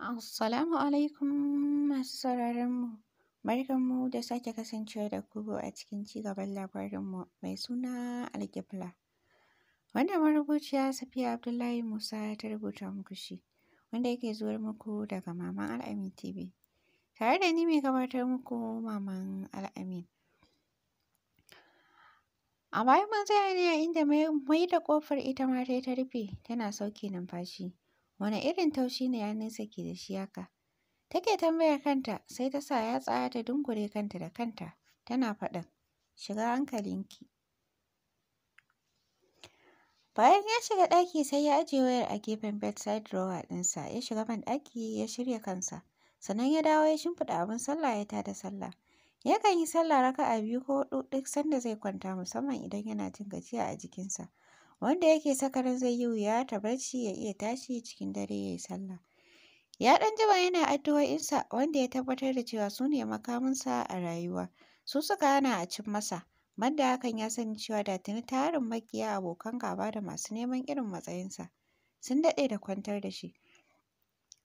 Assalamu alaikum masu sauraron mu. Barkan mu da sake kasancewa da ku a cikin cigaban labarin mu mai suna Alƙibla. Wanda marubuciya Safiya Abdullahi Musa ta rubuta muku shi, wanda yake zuwa muku daga Maman Al'amin TV. Tare da ni mai gabatar muku Maman Al'amin. A baya mun zai ne inda mai da ƙofar ita ma ta rufe tana sauke numfashi. Wane irin taushi ne ya nesa ke da shi haka? Take tambayar kanta sai ta sa ya tsaya ta dungure kanta da kanta tana faɗin shiga hankalinki. Bayan ya shiga ɗaki sai ya ajiye wayar a gefen bedside drawer ɗinsa ya shiga ban ɗaki ya shirya kansa sannan ya dawo ya shimfiɗa abin sallah ya tada sallah. Yakan yi sallah raka'a biyu ko huɗu duk sanda zai kwanta musamman idan yana jin gajiya a jikinsa. wanda yake sakarin zai yi wuya ta barci ya iya tashi cikin dare ya yi sallah. Ya ɗan jima yana addu'o'insa wanda ya tabbatar da cewa su ne makaminsa a rayuwa, su suka hana a cin masa, banda hakan ya sani cewa da tuni tarin makiya abokan gaba da masu neman irin matsayinsa sun daɗe da kwantar da shi.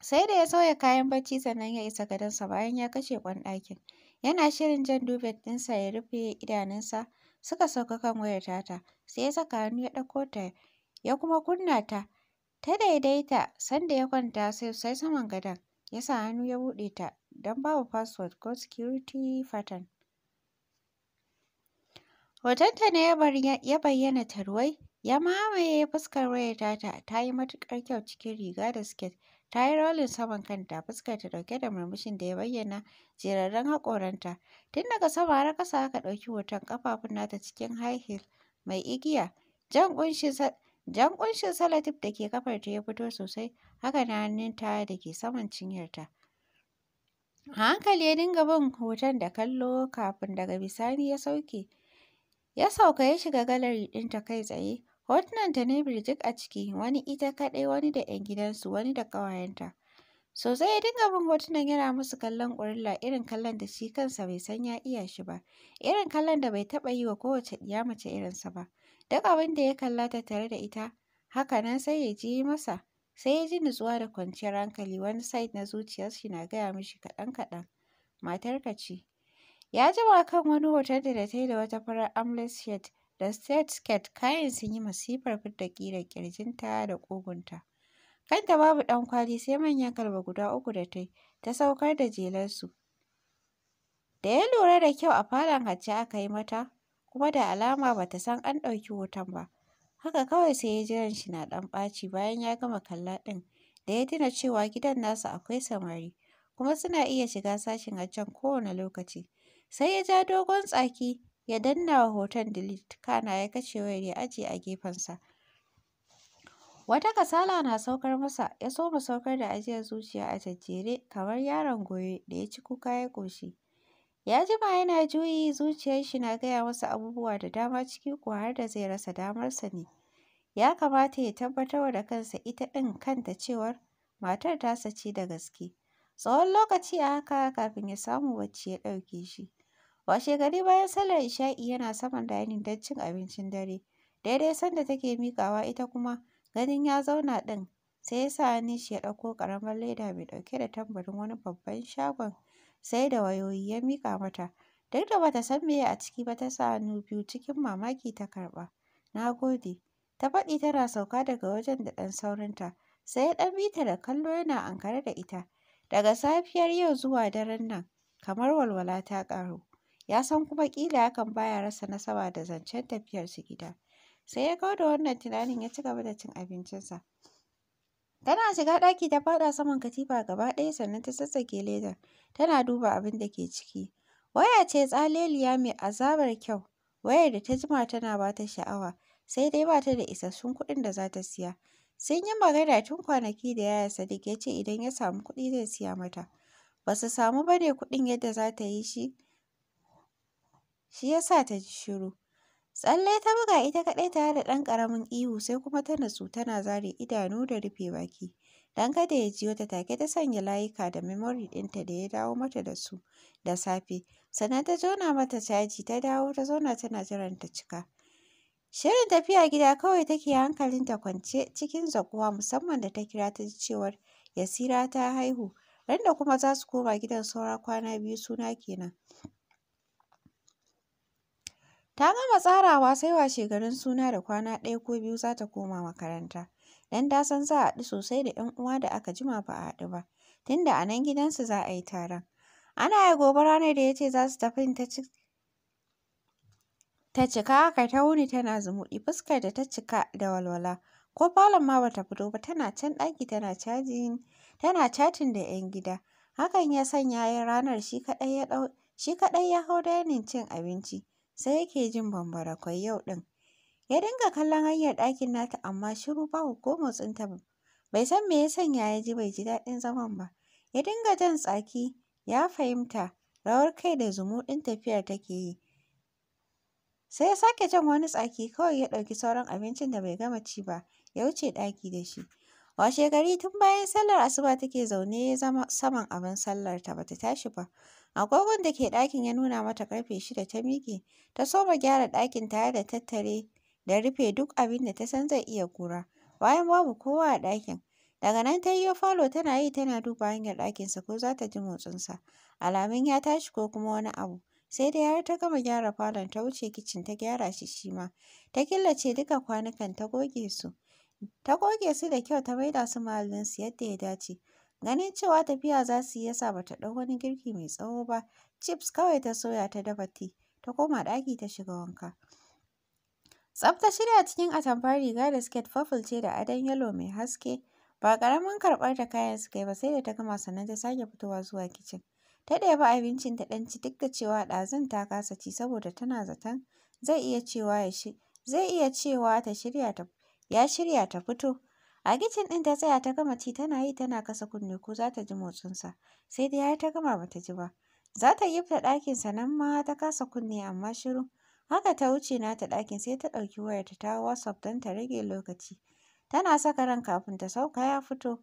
Sai da ya sauya kayan bacci sannan ya isa gadonsa bayan ya kashe kwan ɗakin. Yana shirin jan dubet ɗinsa ya rufe idanunsa suka sauka kan wayar tata sai ya saka hannu ya ɗauko ta ya kuma kunna ta ta daidaita sanda ya kwanta sai saman gadon ya sa hannu ya buɗe ta don babu password ko security pattern hotonta ne ya bayyana tarwai ya mamaye fuskar wayar tata ta yi matuƙar kyau cikin riga da siket Ta yi rolin saman kanta, ta ɗauke da murmushin da ya bayyana jerarren haƙoranta. Tun daga sama har ƙasa aka ɗauki hoton kafafun nata cikin high heel mai igiya. Jan ƙunshin salatif da ke ta ya fito sosai, haka na hannun ta da ke saman cinyarta. A hankali ya dinga bin hoton da kallo kafin daga bisani ya sauke. Ya sauka ya shiga galeri ɗinta kai tsaye. Hotunanta ne birjik a ciki, wani ita kaɗai, wani da 'yan gidansu, wani da ƙawayenta. Sosai ya dinga bin hotunan yana musu kallon ƙurilla irin kallon da shi kansa bai san ya iya shi ba, irin kallon da bai taɓa yi wa kowace ɗiya mace irinsa ba. Duk abin da ya kalla ta tare da ita, haka nan sai ya ji masa, sai ya ji nutsuwa da kwanciyar hankali, wani side na zuciyar shi na gaya mishi kaɗan-kaɗan, matarka ce. Ya jima kan wani hoton da ta yi da wata farar armless shirt da state skirt kayan sun yi masifar fidda ƙirar ƙirjinta da ƙugunta. Kanta babu ɗankwali sai manyan kalba guda uku da ta ta saukar da jelarsu. Da ya lura da kyau a falon hajji aka yi mata kuma da alama ba ta san an ɗauki hoton ba. Haka kawai sai ya jiran shi na ɗan ɓaci bayan ya gama kalla ɗin da ya tuna cewa gidan nasu akwai samari kuma suna iya shiga sashin hajjan kowane lokaci. Sai ya ja dogon tsaki ya danna wa hoton delete kana ya kashe wayar ya ajiye a gefen sa Wata kasala na saukar masa ya soma saukar da ajiyar zuciya a tajere kamar yaron goye da ya ci kuka ya koshi Ya jima yana juyi zuciyar shi na gaya masa abubuwa da dama ciki ku har da zai rasa damarsa ne. Ya kamata ya tabbatar da kansa ita ɗin kanta cewar matar ta saci da gaske. Tsawon lokaci a haka kafin ya samu wacce ya ɗauke shi. gari bayan sallar isha'i yana saman dining don cin abincin dare, daidai sanda take mikawa ita kuma ganin ya zauna ɗin sai ya sa shi ya ɗauko ƙaramar leda mai ɗauke da tambarin wani babban shagon sai da wayoyi ya mika mata. Duk da bata san meye a ciki ba ta sa hannu biyu cikin mamaki ta karɓa. Na gode. Ta faɗi tana sauka daga wajen da ɗan saurinta. Sai ya ɗan bita da kallo yana ankare da ita. Daga safiyar yau zuwa daren nan kamar walwala ta ƙaru. ya san kuma ƙila hakan baya rasa nasaba da zancen tafiyar su gida. Sai ya kawo da wannan tunanin ya ci gaba da cin abincinsa. Tana shiga ɗaki ta fada saman katifa gaba ɗaya sannan ta sassake ledar tana duba abin da ke ciki. Waya ce tsaleliya mai azabar kyau, wayar da ta jima tana ba ta sha'awa, sai dai ba ta da isassun kuɗin da za ta siya. Sun yi magana tun kwanaki da yaya Sadiq ya ce idan ya samu kuɗi zai siya mata. Ba su samu ba ne kuɗin yadda za ta yi shi shi ya sa ta ji shiru. Tsalle ta buga ita kaɗai tare da ɗan ƙaramin ihu sai kuma ta natsu tana zare idanu da rufe baki. Dan kada ya ji wata take ta sanya layuka da memory ɗinta da ya dawo mata da su da safe. Sannan ta jona mata caji ta dawo ta zauna tana jiran ta cika. Shirin tafiya gida kawai take hankalin ta kwance cikin zakuwa musamman da ta kira ta ji cewar Yasira ta haihu. Randa kuma za su koma gidan saura kwana biyu suna kenan. Ta gama tsarawa sai washegarin suna da kwana ɗaya ko biyu za ta koma makaranta. Don ta san za a haɗu sosai da 'yan uwa da aka jima ba a haɗu ba. Tunda a nan gidansu za a yi taron. Ana yi gobe ranar da ya ce za su tafi ta ci ta cika haka ta wuni tana zumuɗi fuskar da ta cika da walwala. Ko falon ma bata fito ba tana can ɗaki tana cajin tana catin da 'yan gida. Hakan ya sanya ya ranar shi kaɗai ya ɗau shi kaɗai ya hau dainin cin abinci. sai yake jin bambarakwai yau ɗin. Ya dinga kallon hanyar ɗakin nata amma shiru ba ko motsinta bai san me ya sanya ya ji bai ji daɗin zaman ba. Ya dinga jan tsaki ya fahimta rawar kai da zumu ɗin tafiyar take yi. Sai ya sake jan wani tsaki kawai ya ɗauki sauran abincin da bai gama ci ba ya wuce ɗaki da shi. Washe gari tun bayan sallar asuba take zaune ya zama saman abin sallar ta bata tashi ba. Agogon da ke ɗakin ya nuna mata ƙarfe shida ta miƙe, ta soma gyara ɗakin tare da tattare da rufe duk abin da ta san zai iya kura bayan babu kowa a ɗakin. Daga nan ta yiwo falo tana yi tana duba hanyar ɗakinsa ko za ta ji motsinsa, alamun ya tashi ko kuma wani abu. Sai dai har ta gama gyara falon ta wuce kicin ta gyara shi shi ma, ta killace duka kwanukan ta goge su. Ta goge su da kyau ta maida su su yadda ya dace. Ganin cewa tafiya za su yi ya sa ba ta ɗau wani girki mai tsawo ba, chips kawai ta soya ta dafa ti, ta koma ɗaki ta shiga wanka. Tsaf shirya cikin atamfar riga da siket purple ce da adon yalo mai haske. Ba ƙaramin karɓar da kayan suka yi ba sai da ta gama sannan ta sake fitowa zuwa kicin. Ta ɗebi abincin ta ɗan ci duk da cewa ɗazun ta kasa ci saboda tana zaton zai iya cewa ya zai iya cewa ta shirya ta ya shirya ta fito. A kicin ɗin ta tsaya ta gama ci tana yi tana kasa kunne ko za ta ji motsinsa. Sai dai har ta gama ba ji ba. Za ta yi ɗakin sa nan ma ta kasa kunne amma shiru. Haka ta wuce na ta ɗakin sai ta ɗauki wayarta ta WhatsApp don ta rage lokaci. Tana saka ran kafin ta sauka ya fito.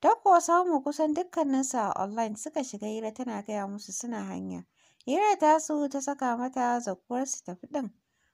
Ta kuwa samu kusan dukkaninsu a online suka shiga hira tana gaya musu suna hanya. hira ta tasu ta saka mata su tafi ɗin.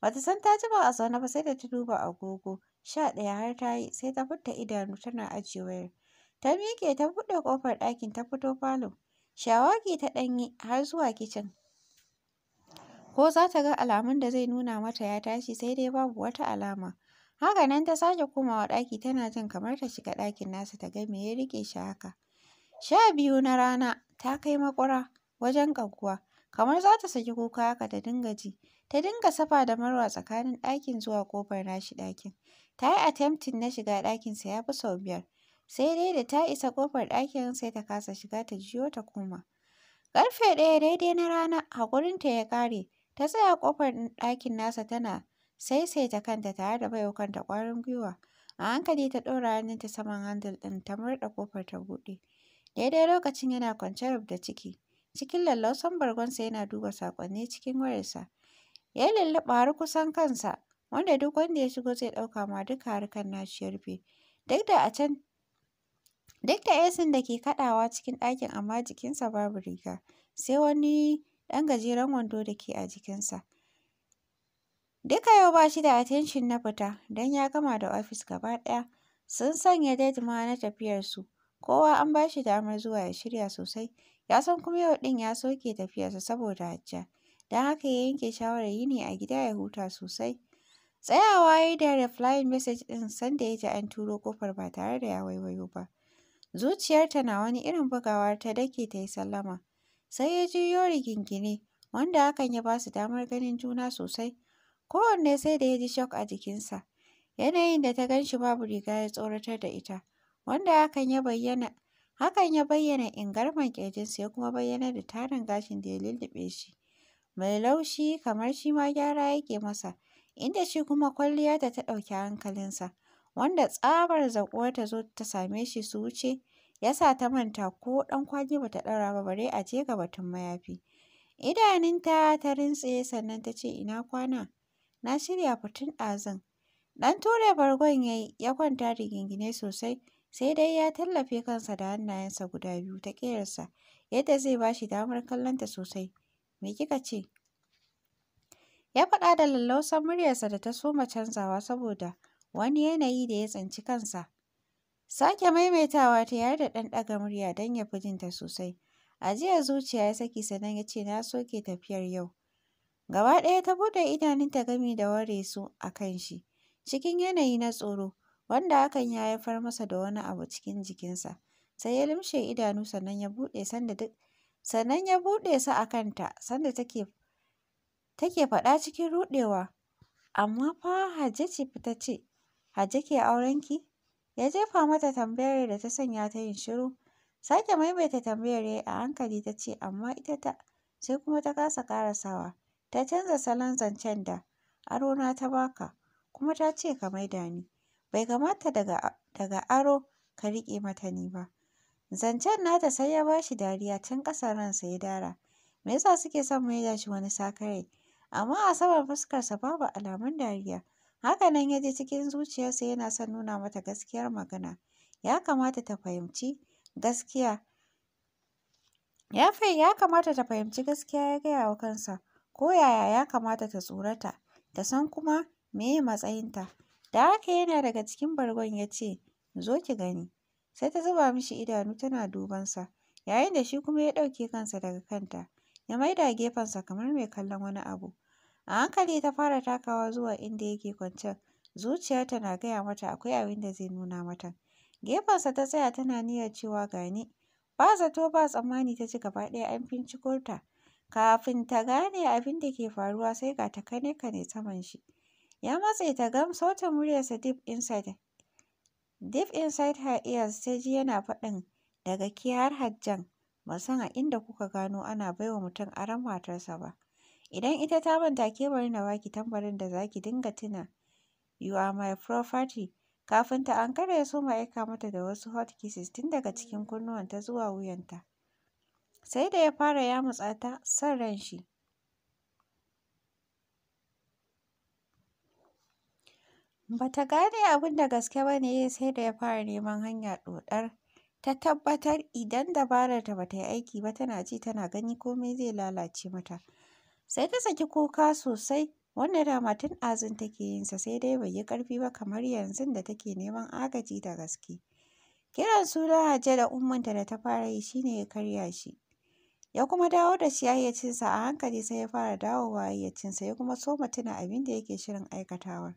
Bata san ta ji ba a zaune ba sai da ta duba agogo. Sha ɗaya har ta yi sai ta furta idanu tana ajiye wayar. Ta miƙe ta buɗe kofar ɗakin ta fito falon. Shawagi ta ɗan har zuwa kicin. Ko za ta ga alamun da zai nuna mata ya tashi sai dai babu wata alama. Haka nan ta sake komawa ɗaki tana jin kamar ta shiga ɗakin nasa ta ga me ya rike shi haka. Sha biyu na rana ta kai makura wajen ƙaguwa. kamar za ta saki kuka haka ta dinga ji. Ta dinga safa da marwa tsakanin ɗakin zuwa ƙofar nashi ɗakin. Ta yi attempting na shiga ɗakinsa ya fi sau biyar. Sai dai da ta isa ƙofar ɗakin sai ta kasa shiga ta jiyo ta koma. Ƙarfe ɗaya daidai na rana haƙurinta ya ƙare. Ta tsaya ƙofar ɗakin nasa tana saisaita kanta tare da baiwa kanta ƙwarin gwiwa. A hankali ta ɗora ta saman handle ɗin ta murɗe ƙofar ta buɗe. Daidai lokacin yana kwance rubda ciki. cikin lallausan bargonsa yana duba sakonni cikin wayarsa. Ya lallaba har kusan kansa, wanda duk wanda ya shigo zai ɗauka ma duka harkan nashi ya rufe. Duk da a can duk da esin da ke kaɗawa cikin ɗakin amma jikinsa babu riga, sai wani ɗan gajeren wando da ke a jikinsa. Duka yau ba shi da attention na fita, dan ya gama da ofis gaba ɗaya. Sun sanya date na na su, kowa an bashi damar zuwa ya shirya sosai. Ya san kuma yau ɗin ya soke tafiyarsa saboda Hajja, don haka ya yanke shawarar yini a gida ya huta sosai. Tsayawa ya yi da replying message din sanda ya ji an turo kofar ba tare da ya waiwayo ba. Zuciyarta na wani irin bugawa ta dake ta yi sallama. Sai ya juyo rigingine, wanda hakan ya ba su damar ganin juna sosai. Kowanne sai da ya ji shock a jikinsa. Yanayin da ta gan shi babu riga ya tsoratar da ita, wanda hakan ya bayyana Hakan ya bayyana ingarman ƙirjinsa ya kuma bayyana da tarin gashin da ya lulluɓe shi, mai laushi kamar shi ma gyara yake masa, inda shi kuma kwalliyarta ta ɗauki hankalinsa, wanda tsabar zaƙuwar ta zo ta same shi su wuce, ya sa ta manta ko ɗan kwali ba ta ɗaura ba bare a je ga batun mayafi. Idanunta ta rintse sannan ta ce ina kwana, na shirya fitin ɗazun. Ɗan ture bargon ya yi, ya kwanta rigingine sosai. sai dai ya tallafe kansa da hannayensa guda biyu ta ƙeyarsa yadda zai ba shi damar kallonta sosai. Me kika ce? Ya faɗa da lallausan muryarsa da ta soma canzawa saboda wani yanayi da ya tsinci kansa. Sake maimaitawa ta yar da ɗan ɗaga murya don ya fi jinta sosai. Ajiyar zuciya ya saki sannan ya ce na soke tafiyar yau. Gaba ɗaya ta buɗe idanunta gami da ware su a kan shi, cikin yanayi na tsoro. wanda hakan ya haifar masa da wani abu cikin jikinsa, sai ya limshe idanu sannan ya buɗe sanda su a kanta sanda take take faɗa cikin ruɗewa amma fa Hajja ce fita ce ke aurenki ya jefa mata tambayar da ta sanya ta yin shiru sake maimaita tambayar yayi a hankali ta ce amma ita ta sai kuma ta kasa karasawa ta canza salon zancen da na ta baka kuma ta ce ka maida ni bai kamata daga aro ka riƙe mata ni ba. Zancen nata sai ya bashi dariya tun ƙasan ransa ya dara. Me yasa suke son da shi wani sakayai? Amma a saman fuskarsa babu alamun dariya. Haka nan ya ji cikin zuciyarsa yana son nuna mata gaskiyar magana. Ya kamata ta fahimci gaskiya. Ya ya kamata ta fahimci gaskiya ya gaya wa kansa. Ko yaya ya kamata ta tsorata, ta san kuma meye matsayinta. Da haka yana daga cikin bargon ya ce, zo ki gani. Sai ta zuba mishi idanu tana dubansa, yayin da shi kuma ya ɗauke kansa daga kanta, ya maida gefensa kamar mai kallon wani abu. A hankali ta fara takawa zuwa inda yake kwancen, zuciyarta na gaya mata akwai abin da zai nuna mata. Gefensa ta tsaya tana niyyar cewa Gani. Ba zato ba tsammani ta ji gaba ɗaya an finciko ta. Kafin ta gane abin da ke faruwa sai ga ta kane-kane saman shi. Ya matse ta ga sautin muryarsa deep inside deep inside her ears ta ji yana faɗin daga ki har hajjan ban san a inda kuka gano ana baiwa mutum aron matarsa ba. Idan ita ta manta ke bari na baki tambarin da zaki dinga tuna you are my property. Kafin ta ankara ya soma aika mata da wasu hot kisses tun daga cikin kunnuwanta zuwa wuyanta. Sai da ya fara yamutsa ta son ran shi. Ba ta gane abin da gaske ba ne sai da ya fara neman hanya dodar, ta tabbatar idan dabararta ba ta yi aiki ba tana ji tana gani komai zai lalace mata. Sai ta saki kuka sosai wanda dama tun azun take yinsa sai dai bai yi karfi ba kamar yanzu da take neman agaji da gaske. Kiran sunan Hajja da ummanta da ta fara yi shine ya karya shi. Ya kuma dawo da shi hayyacinsa a hankali sai ya fara dawowa hayyacinsa ya kuma soma tuna abin da yake shirin aikatawar.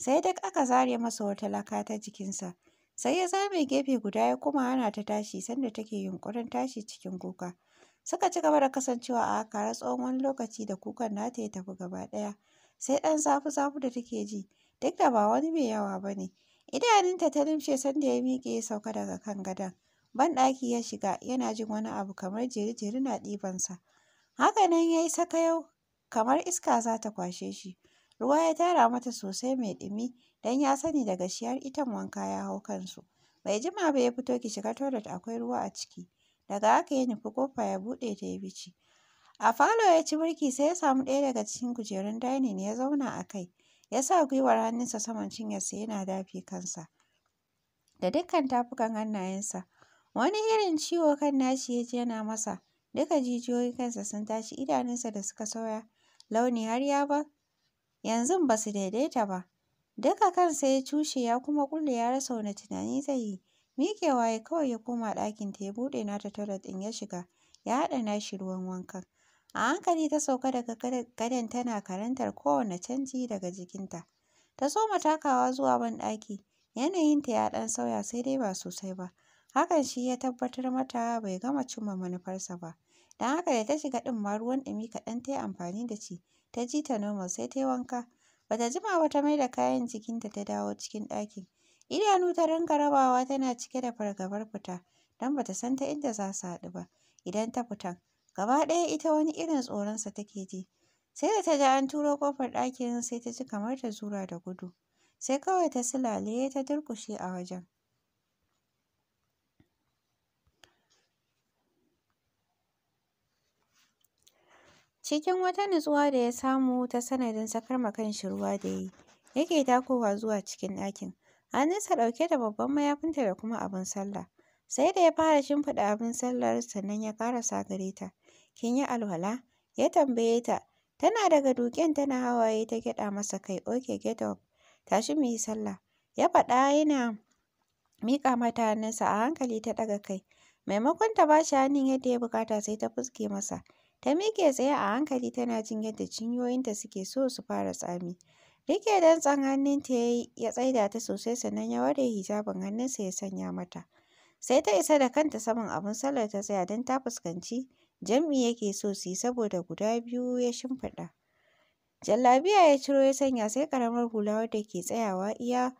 sai duk aka zare masa wata laka ta jikinsa. Sai ya zame gefe guda ya kuma hana ta tashi sanda take yunƙurin tashi cikin kuka. Suka ci gaba da kasancewa a haka har tsawon wani lokaci da kukan nata ya tafi gaba ɗaya. Sai ɗan zafi-zafi da take ji, duk da ba wani mai yawa ba ne. Idanunta ta limshe sanda ya miƙe ya sauka daga kan gadon. Banɗaki ya shiga yana jin wani abu kamar jere-jere na ɗibansa. Haka nan ya yi sakayau kamar iska za ta kwashe shi. Ruwa ya tara mata sosai mai ɗumi don ya sani daga shi har itan wanka ya hau kansu. Bai jima ba ya fito ki shiga toilet akwai ruwa a ciki. Daga haka ya nufi ƙofa ya buɗe ta ya bice. A falo ya ci birki sai ya samu ɗaya daga cikin kujerun dining ya zauna a kai. Ya sa gwiwar hannunsa saman cinyarsa yana dafi kansa. Da dukkan tafukan hannayensa. Wani irin ciwo kan nashi ya jena yana masa. Duka jijiyoyin kansa sun tashi idanunsa da suka sauya launi har ya bar Yanzu ba su daidaita ba. Duka sai ya cushe ya kuma kulle ya rasa wani tunani zai yi. mikewa ya kawai ya koma ɗakin ta ya buɗe nata toilet ɗin ya shiga, ya haɗa nashi ruwan wankan. A hankali ta sauka daga gadon tana karantar kowane canji daga jikinta. Ta soma takawa zuwa banɗaki, yanayinta ya ɗan sauya sai dai ba sosai ba. Hakan shi ya tabbatar mata bai gama cimma manufarsa ba. Don haka da ta shiga ɗin ma ruwan ɗumi kaɗan ta yi amfani da shi, ta ji ta normal sai ta yi wanka. Bata jima ba ta maida kayan jikinta ta dawo cikin ɗakin. Idanu ta rinka rabawa tana cike da fargabar fita don bata san ta inda za su haɗu ba idan ta fita. Gaba ɗaya ita wani irin tsoronsa take ji. Sai da ta ji an turo ƙofar ɗakin sai ta ji kamar ta zura da gudu. Sai kawai ta silale ta durƙushe a wajen. Cikin wata nutsuwa da ya samu ta sanadin sakar ma kanshi ruwa da ya yi, yake takowa zuwa cikin ɗakin, hannunsa ɗauke da babban mayafinta da kuma abin sallah. Sai da ya fara shimfiɗa abin sallar sannan ya sa gare ta. Kin yi alwala? Ya tambaye ta. Tana daga duƙen tana hawaye ta gyaɗa masa kai. Okay get up. Tashi mu yi sallah. Ya faɗa yana miƙa mata hannunsa a hankali ta ɗaga kai. Maimakon ta ba shi hannun yadda ya buƙata sai ta fuske masa. Ta miƙe tsaye a hankali tana jin yadda cinyoyinta suke so su fara tsami. Rike dantsan hannunta ta yi ya tsaida ta sosai sannan ya ware hijabin hannunsa ya sanya mata. Sai ta isa da kanta saman abun sallar ta tsaya don ta fuskanci jam'i yake so su saboda guda biyu ya shimfiɗa. Jallabiya ya ciro ya sanya sai ƙaramar hula wadda ke tsayawa iya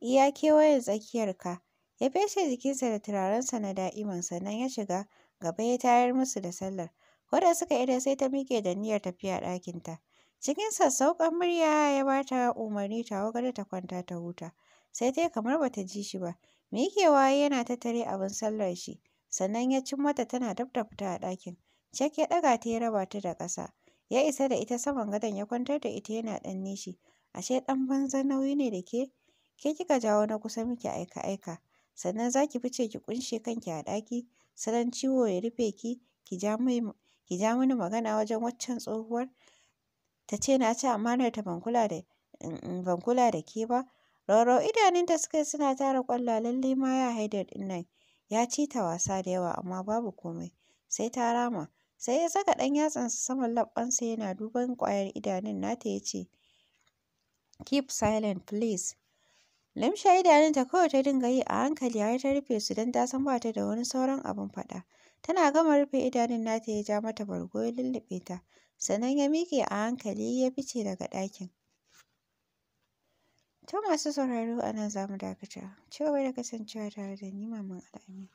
iya kewayen tsakiyar ka. Ya feshe jikinsa da turaren sa na da'iman sannan ya shiga gaba ya tayar musu da sallar. Wadda suka ida sai ta miƙe da niyyar tafiya ɗakinta. Cikin sassauƙan murya ya ba ta umarni ta gado ta kwanta ta huta. Sai dai kamar bata ji shi ba. Miƙewa yana tattare abin sallar shi. Sannan ya cin mata tana dab da fita a ɗakin. Cak ya ɗaga ta ya raba ta da ƙasa. Ya isa da ita saman gadon ya kwantar da ita yana ɗan nishi. Ashe ɗan banza nauyi ne da ke? Ke kika jawo na kusa miki aika-aika. Sannan za ki fice ki ƙunshe kanki a ɗaki. Salon ciwo ya rufe ki, ki ja mai ki ja mini magana wajen waccan tsohuwar ta ce na ci amanar ta ban kula da ban kula da ke ba rauro idanunta suka yi suna tara kwalla lalle ma ya haidar din nan ya ci ta wasa da yawa amma babu komai sai ta rama sai ya saka ɗan yatsansa saman labbansa yana duban kwayar idanun nata ya ce keep silent please limshe idanunta kawai ta dinga yi a hankali har ta rufe su dan ta san bata da wani sauran abun faɗa Tana gama rufe idanun nata ya ja mata bargo ya lulluɓe ta, sannan ya miƙe a hankali ya fice daga ɗakin. To masu sauraro a nan za mu dakata. cewa gaba da kasancewa tare da ni Maman Al'amin.